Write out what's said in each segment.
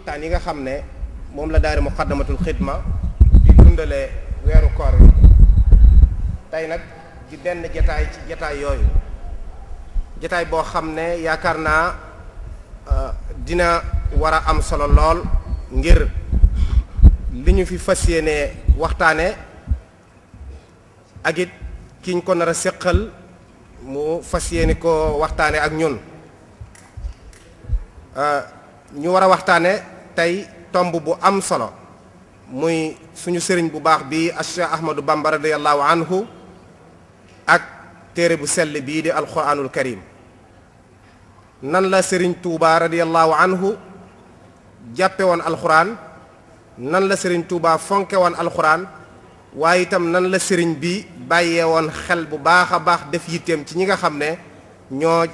waxtaan yi nga xam ne moom la daari muqaddamatul xidma di dundale weeru koor yi tey nag di benn jataay jataay yooyu jataay boo xam ne yaakaar naa euh, dina war a am solo lool ngir li ñu fi fas yéenee waxtaane ak it kiñ ko nar a séqal mu fas yéene ko waxtaane ak ñun euh, ñu war a waxtaane tey tomb bu am solo muy suñu sëriñ bu baax bi Cheikh Ahmadou Bamba radiyallahu anhu ak téere bu sell bii di alquranul karim nan la sëriñ Touba radiyallahu anhu jàppe woon nan la sëriñ Touba fonke woon alquran waaye itam nan la sëriñ bi bàyyeewoon xel bu baax a baax def yitteem ci ñi nga xam ne ñoo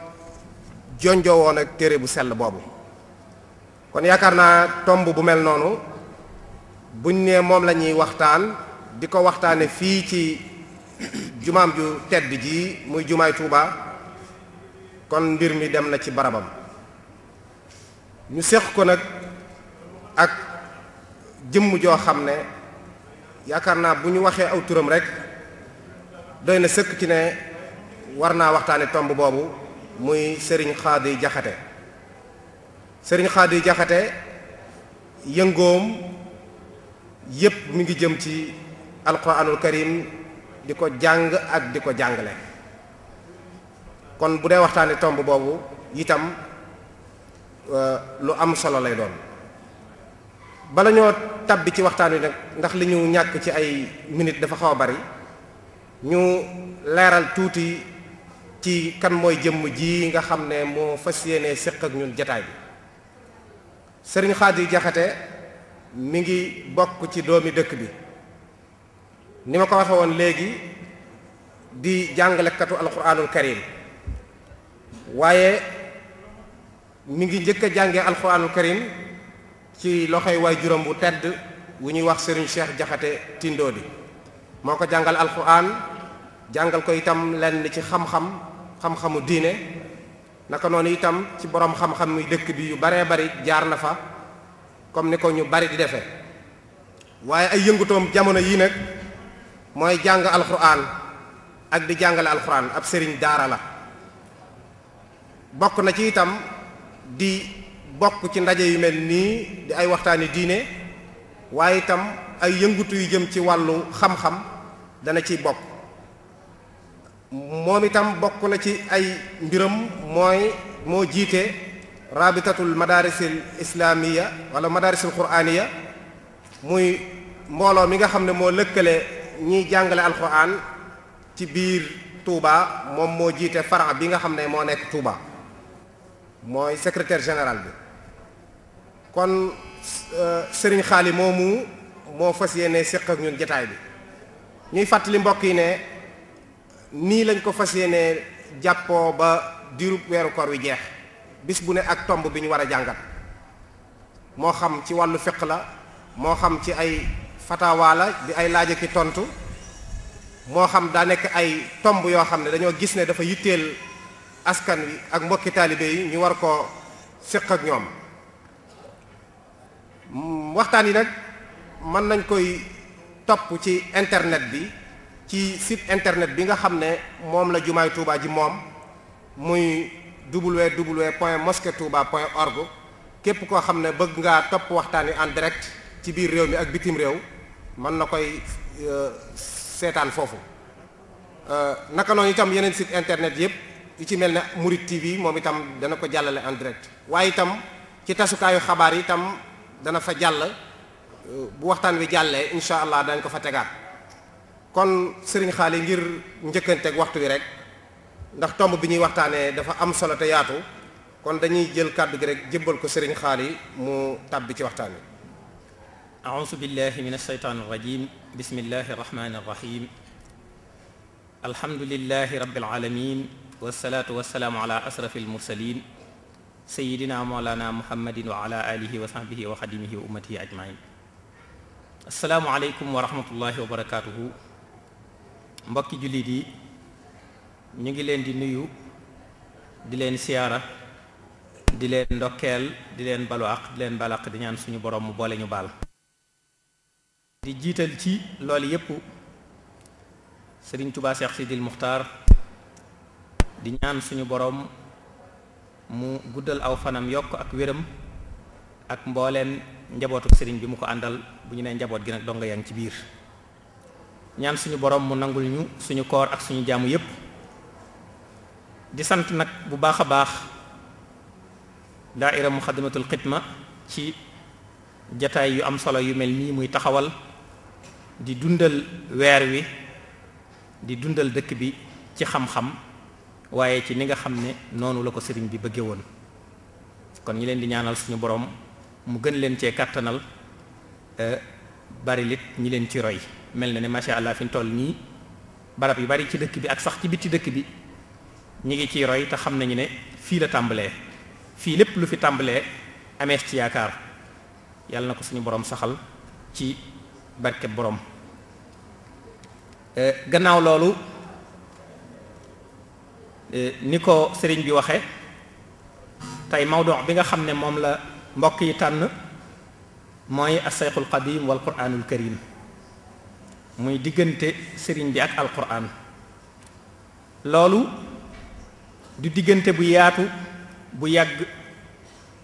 jonjoo ak téere bu sell boobu kon yaakaar naa tomb bu mel noonu buñ nee moom la ñuy waxtaan di ko waxtaane fii ci jumaam ju tedd ji muy jumaay Tuuba kon mbir mi dem na ci barabam ñu séq ko nag ak jëmm joo xam ne yaakaar naa bu ñu waxee aw turam rek doy na sëkk ci ne war naa waxtaane tomb boobu muy sëriñ Khady Diakhaté sëriñ Xaadi Jaxate yëngoom yépp mi ngi jëm ci alquranul karim di ko jàng ak di ko jàngale kon bu dee waxtaane tomb boobu itam euh, lu am solo lay doon bala ñoo tàbbi ci waxtaan wi nag ndax li ñu ñàkk ci ay minit dafa xaw a bari ñu leeral tuuti ci kan mooy jëmm ji nga xam ne moo fas yéene séq ak ñun jataay bi sëriñ Xaadi Jaxate mi ngi bokk ci doomi dëkk bi ni ma ko waxe woon léegi di jàngalekatu alquranul karim waaye mi ngi jëkk a jàngee alquranul karim ci loxoy waay juróom bu tedd wu ñuy wax sëriñ Cheikh Jaxate Tindodi moo ko jàngal alquran jàngal ko itam lenn ci xam-xam xam-xamu diine naka noonu itam ci borom xam-xam yu dëkk bi yu baree bari jaar na fa comme ni ko ñu bari di defe waaye ay yëngutoom jamono yii nag mooy jàng alxuraan ak di jàngale alxuraan ab sëriñ daara la bokk na ci itam di bokk ci ndaje yu mel nii di ay waxtaani diine waaye itam ay yëngutu yu jëm ci wàllu xam-xam dana ciy bokk moom itam bokk na ci ay mbiram mooy moo jiite rabitatul madarisil islamiya wala madarisil quraaniya muy mbooloo mi nga xam ne moo lëkkale ñiy jàngale alquran ci biir Touba moom moo jiite fara bi nga xam ne moo nekk Touba mooy secretaire général bi kon euh, sëriñ xaali moomu moo fas yéene séq ak ñun jataay bi ñuy fàttali mbokk yi ne nii lañ ko fas yéenee jàppoo ba diirub weeru koor wi jeex bis bu ne ak tomb bi ñu war a jàngat moo xam ci wàllu fiq la moo xam ci ay fatawa la di ay laaj ki tontu moo xam daa nekk ay tomb yoo xam ne dañoo gis ne dafa yitteel askan wi ak mbokki taalibe yi ñu war ko séq ak ñoom waxtaan yi nag mën nañ koy topp ci internet bi ci sit internet bi nga xam ne moom la jumaay Touba ji moom muy www point mosquée touba point org képp koo xam ne bëgg ngaa topp waxtaan wi en direct ci biir réew mi ak bitim réew mën na koy euh, seetaan foofu euh, naka noonu itam yeneen site internet yëpp yu ci mel ne Murid TV moom itam dana ko jàllale en direct waaye itam ci tasukaayu xabaar yi itam dana fa jàll euh, bu waxtaan wi jàllee incha allah dañ ko fa tegaat kon sëriñ xaali ngir njëkkanteeg waxtu wi rek ndax tomb bi ñuy waxtaanee dafa am solo te yaatu kon dañuy jël kàddu gi rek jébbal ko sëriñ xaali mu tàbbi ci waxtaan wi aousu billahi min alsheytaan arrajim bismillahi arrahmani arrahim alhamdulilahi rabbil alamin wasalaatu wasalaamu ala asrafi almursalin sayidina moolana muhammadin wa ala alihi wa sahbihi wax xadimihi wa ummatihi ajmain asalaamualeykum wa rahmatullahi wa barakatuhu mbokki jullit yi ñu ngi leen di nuyu di leen siyaara di leen ndokkeel di leen baluwaq di leen balaq di ñaan suñu borom mu boole ñu baal di jiital ci loolu yépp sëriñ Tuubaa Seex Sidil Muxtaar di ñaan suñu boroom mu guddal aw fanam yokk ak wéram ak mbooleem njabootu sëriñ bi mu ko àndal bu ñu neen njaboot gi nag dong yaa ci biir ñaan suñu borom mu nangul ñu suñu koor ak suñu jaamu yépp di sant nag bu baax a baax daaira muxaddamatul ma ci jataay yu am solo yu mel nii muy taxawal di dundal weer wi di dundal dëkk bi ci xam-xam waaye ci ni nga xam ne noonu la ko sëriñ bi bëggee woon kon ñi leen di ñaanal suñu borom mu gën leen cee kàttanal eh, bari lit ñi leen ci roy mel na ne macha allah fi ñu toll nii barab yu bari ci dëkk bi ak sax ci bitti dëkk bi ñu ngi ciy roy te xam nañu ne fii la tàmbalee fii lépp lu fi tàmbalee amee ci yaakaar yàlla na ko suñu borom saxal ci barkeb borom eh, gannaaw loolu eh, ni ko sëriñ bi waxe tey mawdu bi nga xam ne moom la mbokk yi tànn mooy asayxul qadim wal quraanul karim muy diggante sëriñ bi ak alquran loolu du diggante bu yaatu bu yàgg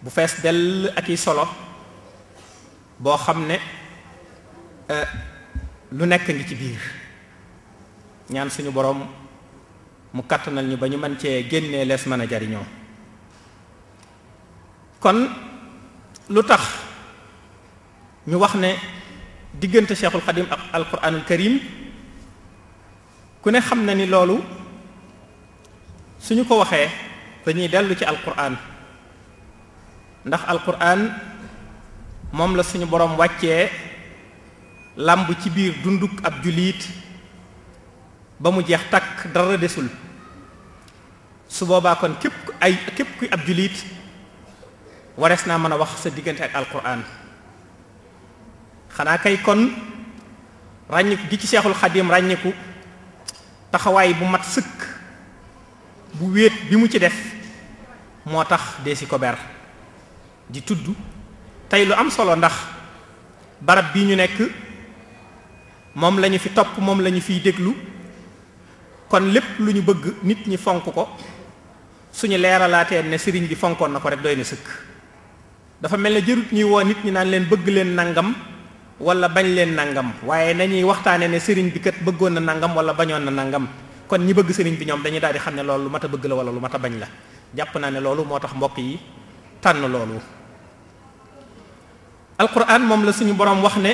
bu fees dell ak i solo boo xam ne euh, lu nekk ngi ci biir ñaan suñu boroom mu kàtt kàttanal ñu ba ñu mën cee génnee lees mën a jariñoo kon lu tax ñu wax ne diggante cheikhul xadim ak alquranul karim ku ne xam na ni loolu suñu ko waxee dañuy dellu ci alquran ndax alquran moom la suñu borom wàccee làmb ci biir dunduk ab jullit ba mu jeex takk dara desul su boobaa kon képp ay képp kuy ab jullit warees naa mën a wax sa diggante ak alquran xanaa kay kon ràññiku gi ci seexul xadim ràññiku taxawaay bu mat sëkk bu wéet bi mu ci def moo tax deesi ko ber di tudd tey lu am solo ndax barab bii ñu nekk moom lañu fi topp moom lañu fiy déglu kon lépp lu ñu bëgg nit ñi fonk ko suñu leeralaatee ne sëriñ bi fonkoon na ko rek doy na sëkk dafa mel ne jërut ñuy woo nit ñi naan leen bëgg leen nangam wala bañ leen nangam waaye nañuy waxtaane ne sëriñ bi kat bëggoon na nangam wala bañoon na nangam kon ñi bëgg sëriñ bi ñoom dañuy daal di xam ne loolu lu mat a bëgg la wala lu la jàpp naa ne loolu moo tax mbokk yi tànn loolu alquran moom la suñu boroom wax ne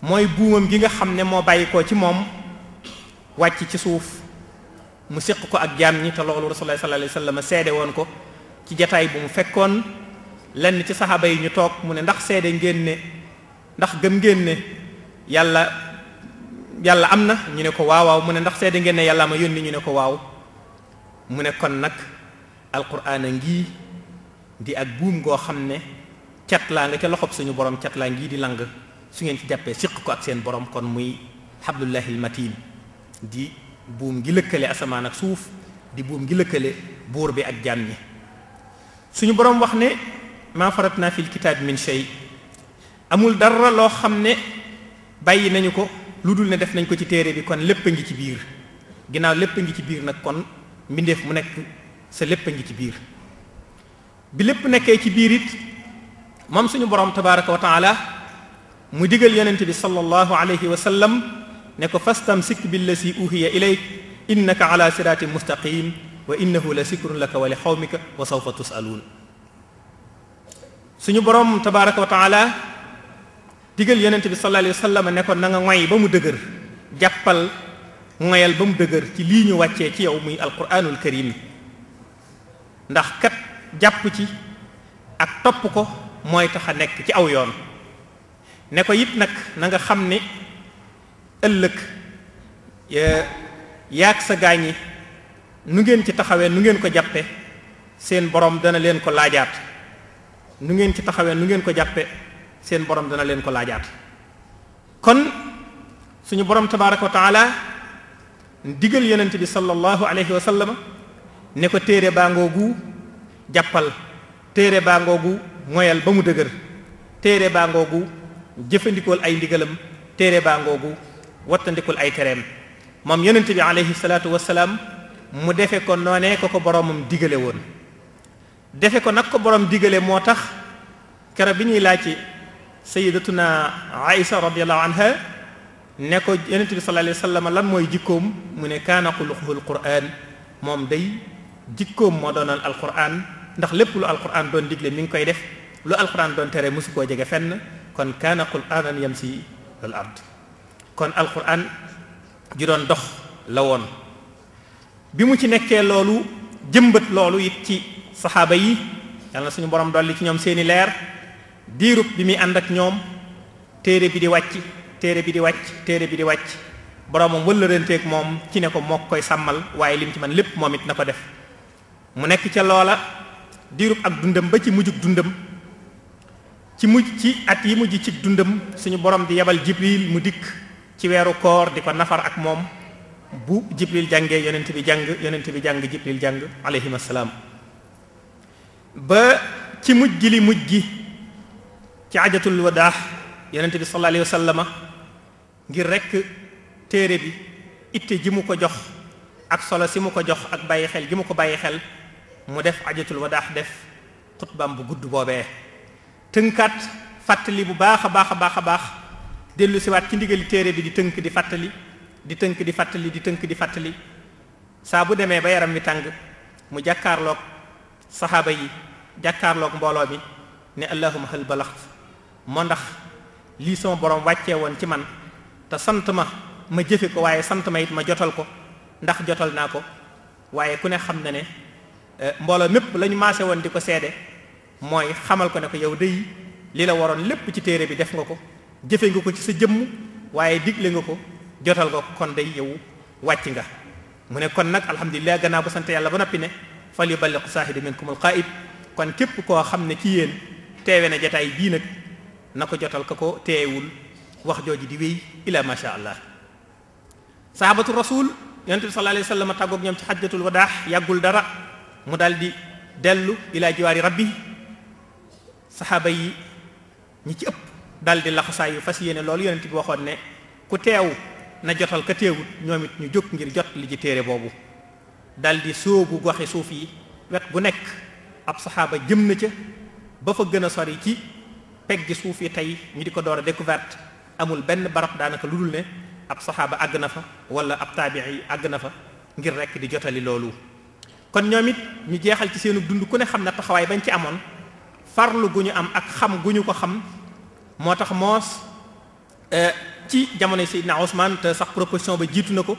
mooy buumam gi nga xam ne moo bàyyi ko ci moom wàcc ci suuf mu séq ko ak jaam ñi te loolu rasulullah sallallahu alayhi wasallam seede woon ko ci jataay bu mu fekkoon lenn ci saxaaba yi ñu toog mu ne ndax seede ngeen ndax gëm ngeen ne yàlla yàlla am na ñu ne ko waaw mu ne ndax seede ngeen ne yàlla ma yónni ñu ne ko waaw mu ne kon nag alquraan a ngi di ak buum goo xam ne cat laa nga ca loxob suñu borom cat laa ngii di lang su ngeen ci jàppee siq ko ak seen boroom kon muy xablullahil matin di buum gi lëkkale asamaan ak suuf di buum ngi lëkkale buur bi ak jaam ñi suñu boroom wax ne maa farat naa fil kitaab min amul dara loo xam ne bàyyi nañu ko lu dul ne def nañ ko ci téere bi kon lépp a ngi ci biir ginnaaw lépp a ngi ci biir nag kon mbindeef mu nekk sa lépp a ngi ci biir bi lépp nekkee ci biir it moom suñu boroom tabaraka wa taala mu digal yenent bi sallallahu alayhi wa sallam ne ko fastamsik billasi uhiya ilayk innaka ala siraatin mustaqim wa innahu la sikrun laka wa li xawmika wa sawfa tusaluun suñu borom tabaraka wa taala digal yenent bi sallallahu alayhi wa sallam ne ko na nga ba mu dëgër jàppal ngoyal ba mu dëgër ci lii ñu wàccee ci yow muy alquranul karim ndax kat jàpp ci ak topp ko mooy tax a nekk ci aw yoon ne ko it nag na nga xam ni ëllëg e, yaag sa gaañi nu ngeen ci taxawee nu ngeen ko jàppe seen borom dana leen ko laajaat nu ngeen ci taxawee nu ngeen ko jàppe seen borom dana leen ko laajaat kon suñu borom tabaaraka wa taala digal yonent bi sallallahu alayhi wa ne ko téere baa ngoogu jàppal téere baa ngoogu moyal ba mu dëgër téere baa ngoogu jëfandikool ay ndigalam téere baa ngoogu wattandikul ay tereem moom yonent bi alayhi salaatu wasalaam mu defe ko noonee ko ko boromam digale woon defe ko nag ko borom digale moo tax kera bi ñuy laaj sayidatuna aïsa radiallahu anha ne ko yonent bi sallallahu alayhi wa lan mooy jikkoom mu ne kaana xuluquhul quraan moom day jikkoom moo doonal alquran ndax lépp lu alquran doon digle mi ngi koy def lu alquran doon tere mosu koo jege fenn kon kaana quraanan yamsi al ard kon alquran ju doon dox la woon bi mu ci nekkee loolu jëmbët loolu it ci saxaaba yi yàlla na suñu borom dolli ci ñoom seeni leer diirub bi muy ànd ak ñoom téere bi di wàcc téere bi di wàcc téere bi di wàcc boromam wëllëranteeg moom ci ne ko moo koy sàmmal waaye lim ci man lépp moom it na ko def mu nekk ca loola diirub ak dundam ba ci mujjug dundam ci mujj ci at yi mujj ci dundam suñu borom di yebal jibril mu dikk ci weeru koor di ko nafar ak moom bu jibril jàngee yonent bi jàng yonent bi jàng jibril jàng alayhim assalaam ba ci mujj li mujj gi ci ajatul wadaax yonente bi sallallahu alayhi wa sallama ngir rekk téere bi itte ji mu ko jox ak solo si mu ko jox ak bàyyi xel ji mu ko bàyyi xel mu def ajatul wadaax def xutbaam bu gudd boobee tënkaat fàttali bu baax a baax a baax a baax dellu siwaat ci ndigali téere bi di tënk di fàttali di tënk di fàttali di tënk di fàttali saa bu demee ba yaram wi tàng mu jàkkaarloog saxaaba yi jàkkaarloog mbooloo bi ne allahuma hal balaxt moo ndax lii sama borom wàccee woon ci man te sant ma ma jëfe ko waaye sant ma it ma jotal ko ndax jotal naa ko waaye ku ne xam ne ne eh, mbooloo mépp la ñu maase woon di ko seede mooy xamal ko ne ko yow day li la waroon lépp ci téere bi def nga ko jëfe nga ko ci sa jëmm waaye digle nga ko jotal nga ko kon day yow wàcc nga mu ne kon nag alhamdulilah gannaaw ba sant yàlla ba noppi ne fal yuballiqu saahidu minkumul xaayib kon képp koo xam ne ci yéen teewe na jataay bii nag na ko jotal ka ko teewul wax jooju di wéy ila macha allah sahabatu rasul yonent bi sallallahu alayhi wa sallam tàggoog ñoom ci xajjatul wadaax yàggul dara mu daal di dellu ila jiwaari rabbi saxaaba yi ñi ci ëpp daal di laxasaa yu fas yéene loolu yonent bi waxoon ne ku teew na jotal ka teewul ñoom it ñu jóg ngir jot li ci téere boobu daldi di sóobu goxi suuf yi wet bu nekk ab saxaaba jëm na ca ba fa gën a sori ci peggi suuf yi tey ñu di ko door a découverte amul benn barab daanaka lu dul ne ab saxaaba àgg na fa wala ab taabii àgg na fa ngir rekk di jotali loolu kon ñoom it ñu jeexal ci seenu dund ku ne xam na taxawaay bañ ci amoon farlu gu ñu am ak xam gu ñu ko xam moo tax moos euh, ci jamono Seydina Ousmane te sax proposition ba jiitu na ko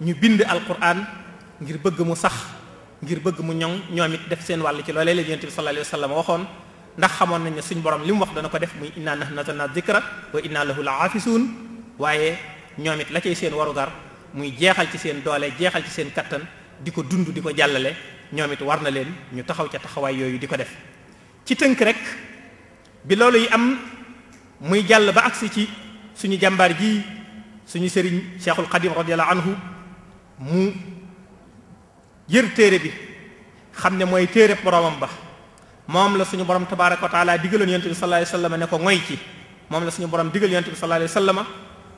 ñu bind alquran ngir bëgg mu sax ngir bëgg mu ñoŋ ñoom it def seen wàll ci loolee la yonent bi sax alayhi wa waxoon ndax xamoon nañ suñ borom li mu wax dana ko def muy inna nahnu nazzalna dhikra wa inna lahu lahafisuun waaye ñoom it la cay seen warugar muy jeexal ci seen doole jeexal ci seen kattan di ko dund di ko jàllale ñoomit war na leen ñu taxaw ca taxawaay yooyu di ko def ci tënk rek bi loolu yi am muy jàll ba agsi ci suñu jàmbaar ji suñu sëriñ cheikhul xadim radiallahu anhu mu yër téere bi xam ne mooy téere boromam ba moom la suñu borom tabaaraka wa taala digaloon yonent bi sallallahu ne ko ngoy ci moom la suñu borom digal yonent bi sallallahu alayhi wa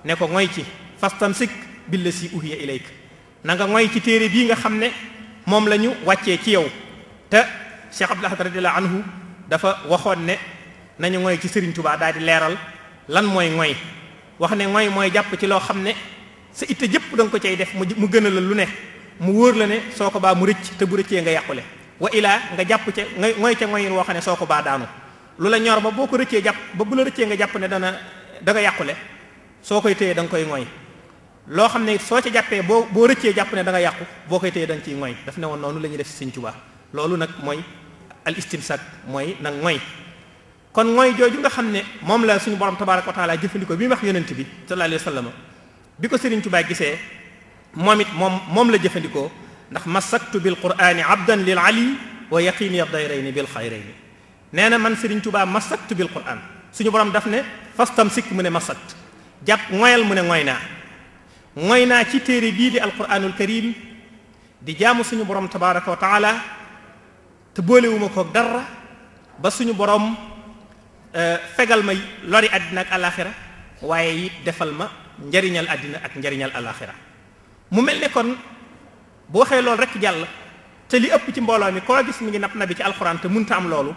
ne ko ngoy ci fastamsik billasi uhiya ilayk na nga ngoy ci téere bii nga xam ne moom la ñu wàccee ci yow te Cheikh Abdul Ahad radiyallahu anhu dafa waxoon ne nañu ngoy ci Serigne Touba daal di leeral lan mooy ngoy wax ne ngoy mooy jàpp ci loo xam ne sa itte jëpp da nga ko cay def mu gën a la lu ne mu wóor la ne soo ko baa mu rëcc te bu rëccee nga yàqule wa ilaa nga jàpp ca nga mooy ca mooyin woo xam ne soo ko baa daanu lu la ñor ba boo ko rëccee jàpp ba bu la rëccee nga jàpp ne dana da nga yàqule soo koy téye da nga koy mooy loo xam ne soo ca jàppee boo boo rëccee jàpp ne danga yàqu boo koy téye da ciy mooy daf ne woon noonu lañuy ñuy def si Sëñ Tuubaa loolu nag mooy al istimsak mooy nag mooy kon mooy jooju nga xam ne moom la suñu borom tabaaraka wa taala jëfandikoo bi wax yonent bi sallallahu alayhi wa sallam bi ko Sëriñ Tuubaa gisee moom it moom moom la jëfandikoo ndax masaktu bil qur'ani abdan lil ali wa yaqini dayrayni bil xayrayni nee na man Serigne Touba masaktu bil qur'an suñu borom daf ne fastam sikk mu ne masakt jàpp ngoyal mu ne ngoy naa ngoy naa ci téere bii di alquranul karim di jaamu suñu borom tabaraka wa taala te boolewuma koog dara ba suñu borom e, fegal ma lori àddina ak alaxira waaye it defal ma njariñal àddina ak njariñal alaxira mu mel ne kon bu waxee loolu rek jàll te li ëpp ci mbooloo mi koo gis mi ngi nab nabi ci alxuraan te munta am loolu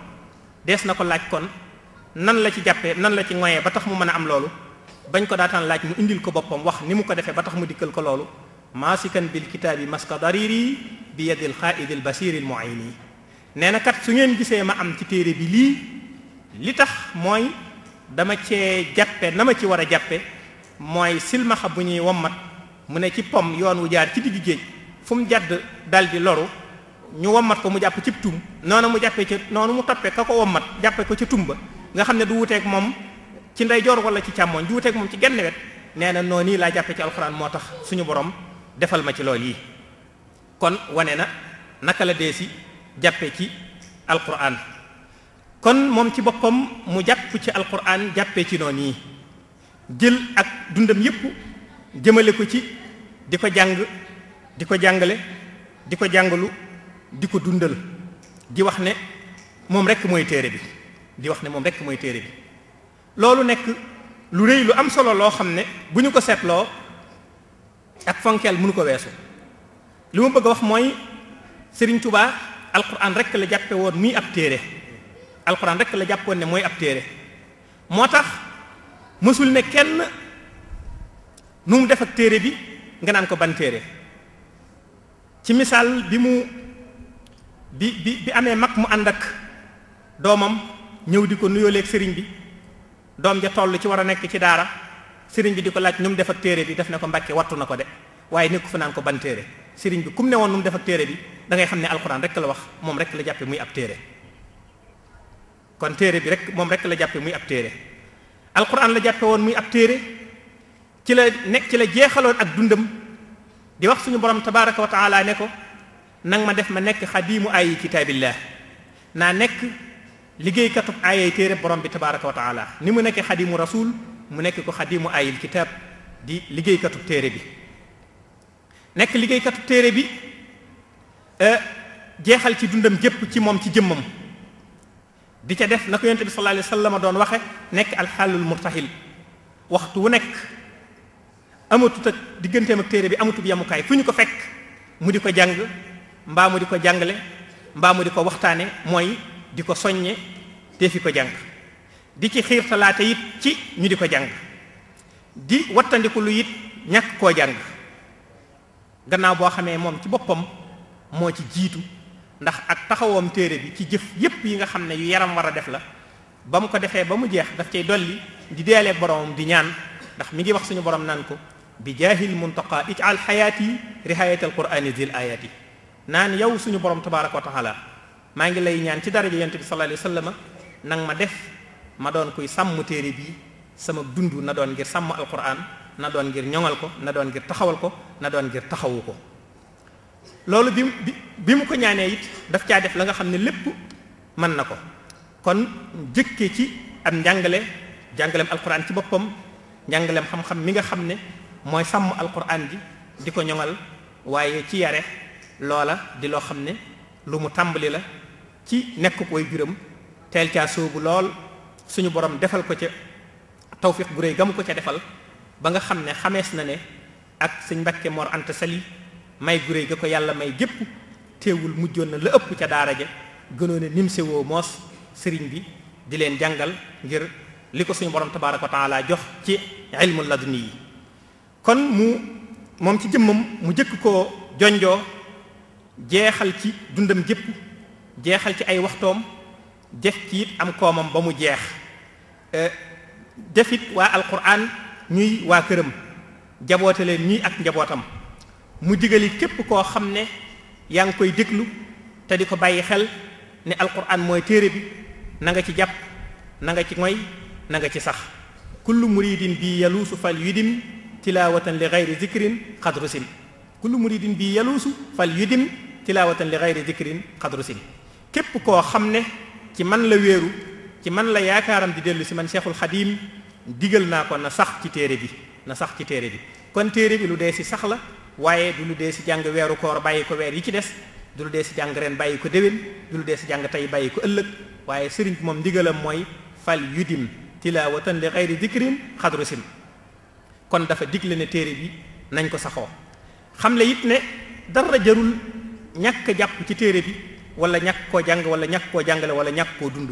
des na ko laaj kon nan la ci jàppee nan la ci ngoyee ba tax mu mën a am loolu bañ ko daataan laaj mu indil ko boppam wax ni mu ko defee ba tax mu dikkal ko loolu maasikan bil kitaabi maska dariri bi yadil xaaidil basiril muini nee na kat su ngeen gisee ma am ci téere bi lii li tax mooy dama cee jàppe na ma ci war a jàppe mooy silmaxa bu ñuy wommat mu ne ci pom yoon wu jaar ci digg géej fu mu jadd dal di loru ñu wommat ko mu jàpp cib tum noonu mu jàppee ca noonu mu toppee ka ko wommat jàppee ko ca tumba nga xam ne du wuteeg moom ci ndeyjoor wala ci càmmooñ du wuteeg moom ci genn nee na noonu laa jàppee ci alxuraan moo tax suñu borom defal ma ci lool yi kon wane na naka la dee si jàppee ci alxuraan kon moom ci boppam mu jàpp ci alxuraan jàppee ci noonu yi jël ak dundam yépp jëmale ko ci di ko jàng di ko jàngale di ko jàngalu di ko dundal di wax ne moom rekk mooy téere bi di wax ne moom rekk mooy téere bi loolu nekk lu rëy lu am solo loo xam ne bu ñu ko seetloo ak fonkeel mënu ko weesu li ma bëgg a wax mooy Sëriñ Tuubaa alxuraan rekk la jàppe woon muy ab téere alxuraan rekk la jàppoon ne mooy ab téere moo tax mësul ne kenn nu mu def ak téere bi nga naan ko ban téere ci misaal bi mu bi bi bi amee mag mu ànd ak doomam ñëw di ko nuyooleeg sëriñ bi doom ja toll ci war a nekk ci daara sëriñ bi di ko laaj nu mu def ak téere bi def ne ko mbàkke wattu na ko de waaye nekku fi ko ban téere sëriñ bi kum ne woon nu mu def ak téere bi dangay xam ne alxuraan rek la wax moom rek la jàppe muy ab téere kon téere bi rek moom rekk la jàppe muy ab téere alxuraan la jàppe woon muy ab téere ci la nekk ci la jeexaloon ak dundam di wax suñu borom tabaraka wa taala ne ko nanga ma def ma nekk xadimu ayi kitaabillah naa nekk liggéeykatu aayay téere borom bi tabaraka wa taala ni mu nekkee xadimu rasul mu nekk ko xadimu ayil kitaab di liggéeykatub téere bi nekk liggéeykatu téere bi e, jeexal ci dundam jëpp ci moom ci jëmmam di ca def na ko yonent bi sallallahu alayhi wa doon waxe nekk alxaalul murtahil waxtu wu nekk amatut ak digganteem ak téere bi amatut yamukaay fu ñu ko fekk mu di ko jàng mbaa mu di ko jàngale mbaa mu di ko waxtaane mooy di ko soññe te fi ko jàng di ci xiirtalaate yit ci ñu di ko jàng di wattandiku lu it ñàkk koo jàng gannaaw boo xamee moom ci boppam moo ci jiitu ndax ak taxawoom téere bi ci jëf yépp yi nga xam ne yu yaram war a def la ba mu ko defee ba mu jeex daf cay dolli di deelee boromam di ñaan ndax mi ngi wax suñu borom naan ko bi jaahil muntaqa ij'al xayaati rihayatal qur'ani zil ayati naan yow suñu borom tabaaraka wa taala maa ngi lay ñaan ci daraja yonent bi sallallahu alayhi wa sallam ma def ma doon kuy sàmm téere bi sama dund na doon ngir sàmm alquran na doon ngir ñoŋal ko na doon ngir taxawal ko na doon ngir taxawu ko loolu bi bi mu ko ñaanee it daf caa def la nga xam ne lépp mën na ko kon jëkke ci am njàngale njàngaleem alquran ci boppam njàngaleem xam-xam mi nga xam ne mooy sàmm alquran ji di ko ñoŋal waaye ci yare loola di loo xam ne lu mu tàmbali la ci nekk koy gërëm teel ca sóobu lool suñu borom defal ko ca tawfiq gu réy gamu ko ca defal ba nga xam ne xamees na ne ak sëñ Mbàkke moor Anta Sali may gu ga ko yàlla may gépp teewul mujjoon na la ëpp ca daara ja gënoon ne nim sewoo moos sëriñ bi di leen jàngal ngir li ko suñu borom tabaaraka wa taala jox ci ilmu laduni yi kon mu moom ci jëmmam mu jëkk koo jonjoo jeexal ci dundam gépp jeexal ci ay waxtoom def ci it am koomam ba mu jeex euh, def it waa alquran ñuy waa këram jaboote leen ñuy ak njabootam mu digali képp koo xam ne yaa ngi koy déglu te di ko bàyyi xel ne alquran mooy téere bi na nga ci jàpp na nga ci moy nanga ci sax kullu muridin bi yaluusu fal yudim tilaawatan li gayri zikrin xadru sin kullu muridin bi yaluusu fal yudim tilaawatan li gayri zikrin xadru sin képp koo xam ne ci man la wéeru ci man la yaakaaram di dellu si man seexul xadim digal naa ko na sax ci téere bi na sax ci téere bi kon téere bi lu dee si sax la waaye du lu dee si jàng weeru koor bàyyi ko weer yi ci des du lu dee si jàng ren bàyyi ko déwén du lu dee si jàng tey bàyyi ko ëllëg waaye sëriñ bi moom ndigalam mooy fal yudim tilaawatan li gayri dikrin xadru kon dafa digle ne téere bi nañ ko saxoo xamle yit ne dara jarul ñàkk jàpp ci téere bi wala ñàkk koo jàng wala ñàkk koo jàngale wala ñàkk koo dund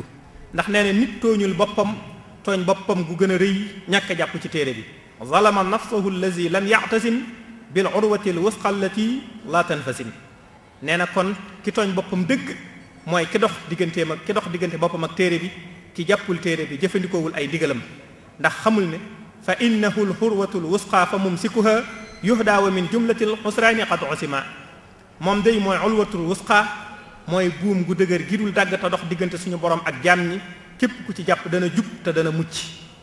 ndax nee na nit tooñul boppam tooñ boppam gu gën a rëy ñàkk jàpp ci téere bi zalama nafsahu allazi lam ya'tasim bil urwati al wusqa allati la tanfasim nee na kon ki tooñ boppam dëgg mooy ki dox digganteem ak ki dox diggante boppam ak téere bi ci jàppul téere bi jëfandikoowul ay ndigalam ndax xamul ne fa innahu lxurwatu lwusqa fa mumsikuha yuhdaa wa min jumlati lxusraani qad usima moom day mooy ulwatul wusqa mooy buum gu dëgër gi dul dàgg dox diggante suñu borom ak jaam ñi képp ku ci jàpp dana jub te dana mucc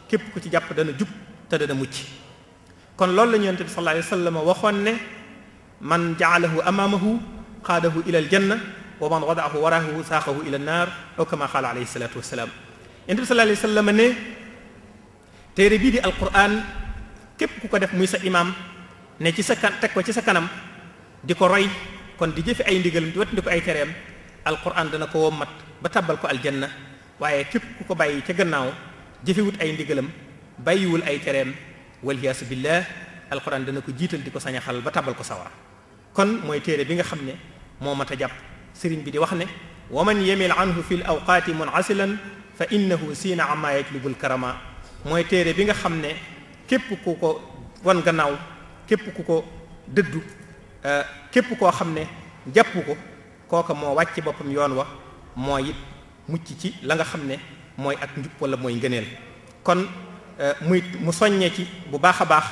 képp ku ci jàpp dana jub te dana mucc kon loolu la ñu yonent bi sallallahu wa sallam waxoon ne man jaalahu amaamahu qaadahu ila aljanna wa man wadaahu waraahu saaxahu ila annaar aw kama qaala alayhi salaatu wasalaam yonent bi wa sallam téere bii di alquran képp ku ko def muy sa imaam ne ci sa kan teg ko ci sa kanam di ko roy kon di jëfe ay ndigalam di wettandi ko ay tereem alquran dana ko wommat ba tàbbal ko aljanna waaye képp ku ko bàyyi ca gannaaw jëfewut ay ndigalam bàyyiwul ay tereem waliyaasu billah alquran dana ko jiital di ko sañaxal ba tàbbal ko sawara kon mooy téere bi nga xam ne moo mat a jàpp sëriñ bi di wax ne wa man yamil anhu fi l awqaati munasilan fa innahu siina ama yatlubul karama mooy téere bi nga xam ne képp ku ko wan gannaaw képp ku ko dëddu euh, képp koo xam ne jàpp ko kooka moo wàcc boppam yoon wa mooy it mucc ci la nga xam ne mooy ak njub wala mooy ngëneel kon euh, muy mu soññee ci bu baax a baax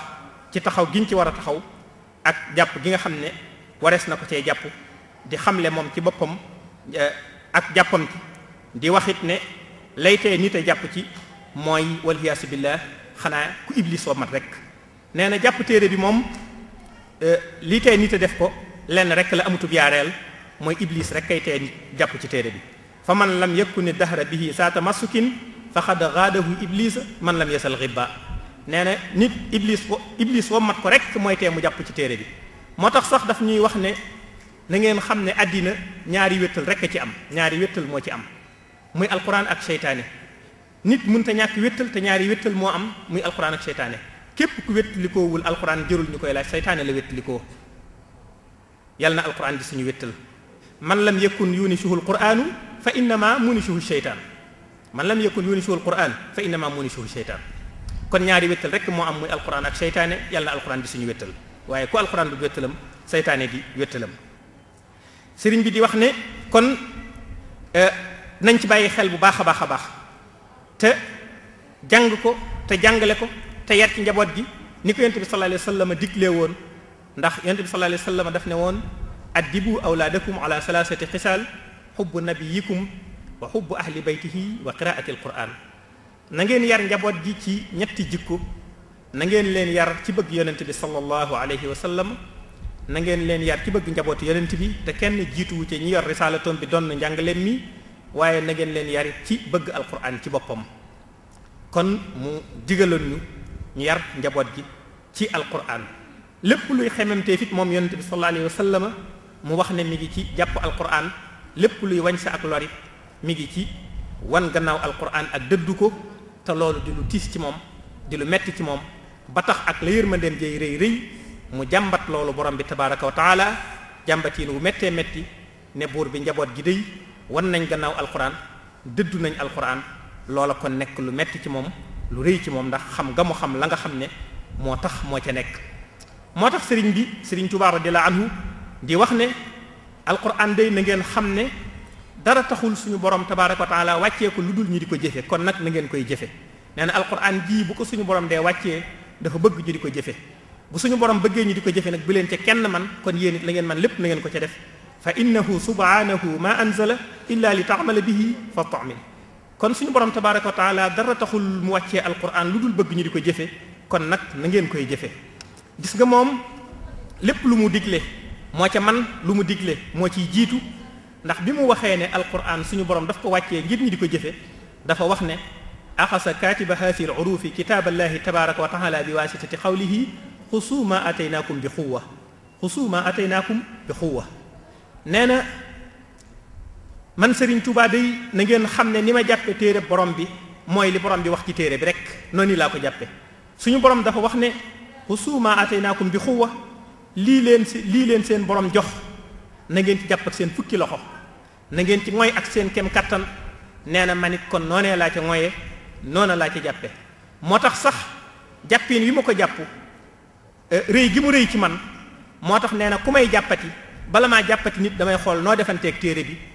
ci taxaw giñ ci war a taxaw ak jàpp gi nga xam ne warees na ko cee jàpp di xamle moom ci boppam euh, ak jàppam ci di waxit it ne laytee nit a jàpp ci mooy walhiyaasu billah xanaa ku iblis soo rek nee na jàpp téere bi moom e, lii tey nit a def ko lenn rek la amutub yaareel mooy iblis rek kay tey jàpp ci téere bi fa man la lam yakuni bi bihi saata masukin faqad gaadahu iblis man lam yasal xibba nee na nit iblis iblis woo mat ko rek mooy tee mu jàpp ci téere bi moo tax sax dafa ñuy wax ne na ngeen xam ne àddina ñaari wéttal rek a ci am ñaari wéttal moo ci am muy alquran ak seytaane nit mën ta ñàkk wéttal te ñaari wéttal moo am muy alxuraan ak seytaane képp ku wéttalikoowul alxuraan jërul ñu koy laaj seytaane la wéttalikoo yal na alxuraan di suñu wéttal man lam yakun yunisuhu alquraanu fa innama munisuhu seytaan man lam yakun yunisuhu alquraan fa innama munisuhu seytaan kon ñaari wéttal rek moo am muy alxuraan ak seytaane yàlla na alxuraan di suñu wéttal waaye ku alxuraan du wéttalam seytaane di wéttalam bi di wax ne kon eh, nañ ci bàyyi xel bu baax a baax a baax te jàng ko te jàngale ko te yar ci njaboot gi ni ko yonent bi sallallahu alayhi wa sallam diglee woon ndax yonent bi sallallahu alayhi wa sallam ne woon addibu awlaadakum ala salaasati xisaal xubbu nabiyikum wa xubbu ahli baytihi wa qiraati alquran na ngeen yar njaboot ji ci ñetti jikko na ngeen leen yar ci bëgg yonent bi sallallahu alayhi wa sallam na ngeen leen yar ci bëgg njabootu yonent bi te kenn jiituwu ci ñi yor risalatoon bi doon njàngaleem mi waaye na ngeen leen yar ci bëgg alquran ci boppam kon mu digaloon ñu yar njaboot ji ci alquran lépp luy xememteef fit moom yonente bi sallallahu sallama mu wax ne mi ngi ci jàpp alquran lépp luy wañ sa ak lorit mi ngi ci wan gannaaw alquran ak dëddu ko te loolu di lu tiis ci moom di lu metti ci moom ba tax ak la yërmandeem jëy rëy rëy mu jàmbat loolu borom bi tabaraka wa taala jàmbatiin wu méttee métti ne buur bi njaboot gi dey wan nañ gannaaw alxuraan dëddu nañ alxuraan loola kon nekk lu metti ci moom lu rëy ci moom ndax xam nga mu xam la nga xam ne moo tax moo ca nekk moo tax sëriñ bi sëriñ Tuubaa radiyallaahu anhu di wax ne alxuraan day na ngeen xam ne dara taxul suñu borom tabaaraka wa taala wàccee ko lu dul ñi di ko jëfe kon nag na ngeen koy jëfe nee na alxuraan jii bu ko suñu borom dee wàccee dafa bëgg ñu di ko jëfe bu suñu borom bëggee ñu di ko jëfe nag bu leen ca kenn man kon yéen la ngeen man lépp na ko ca def fa innahu subhanahu ma anzala illa li taamala bihi fa taamil kon suñu borom tabaraka wa taala dara taxul mu wàccee alquran lu dul bëgg ñu di ko jëfe kon nag nangeen koy jëfe gis nga moom lépp lu mu digle moo ca man lu mu digle moo ciy jiitu ndax bi mu waxee ne alquran suñu borom daf ko wàccee ngir ñi di ko jëfe dafa wax ne axasa kaatiba haasi al-uruufi kitaaballahi tabaraka wa taala bi waasitati qawlihi xusu ma ataynaakum bi quwwa xusu ma ataynaakum bi quwwa nee na man sëriñ Touba day na ngeen xam ne ni ma jàppe téere borom bi mooy li borom bi wax ci téere bi rek noonu laa ko jàppe suñu borom dafa wax ne xusuuma ataynaakum bi xuwa lii leen lii leen seen borom jox na ngeen ci jàpp seen fukki loxo na ngeen ci mooy ak seen kem kàttan nee na man it kon noonee laa ca mooyee noona laa ca jàppe moo tax sax jàppin wi ma ko jàpp eh, rëy gi mu rëy ci man moo tax nee na ku may jàppati bala maa jàppati nit damay xool noo defanteeg téere bi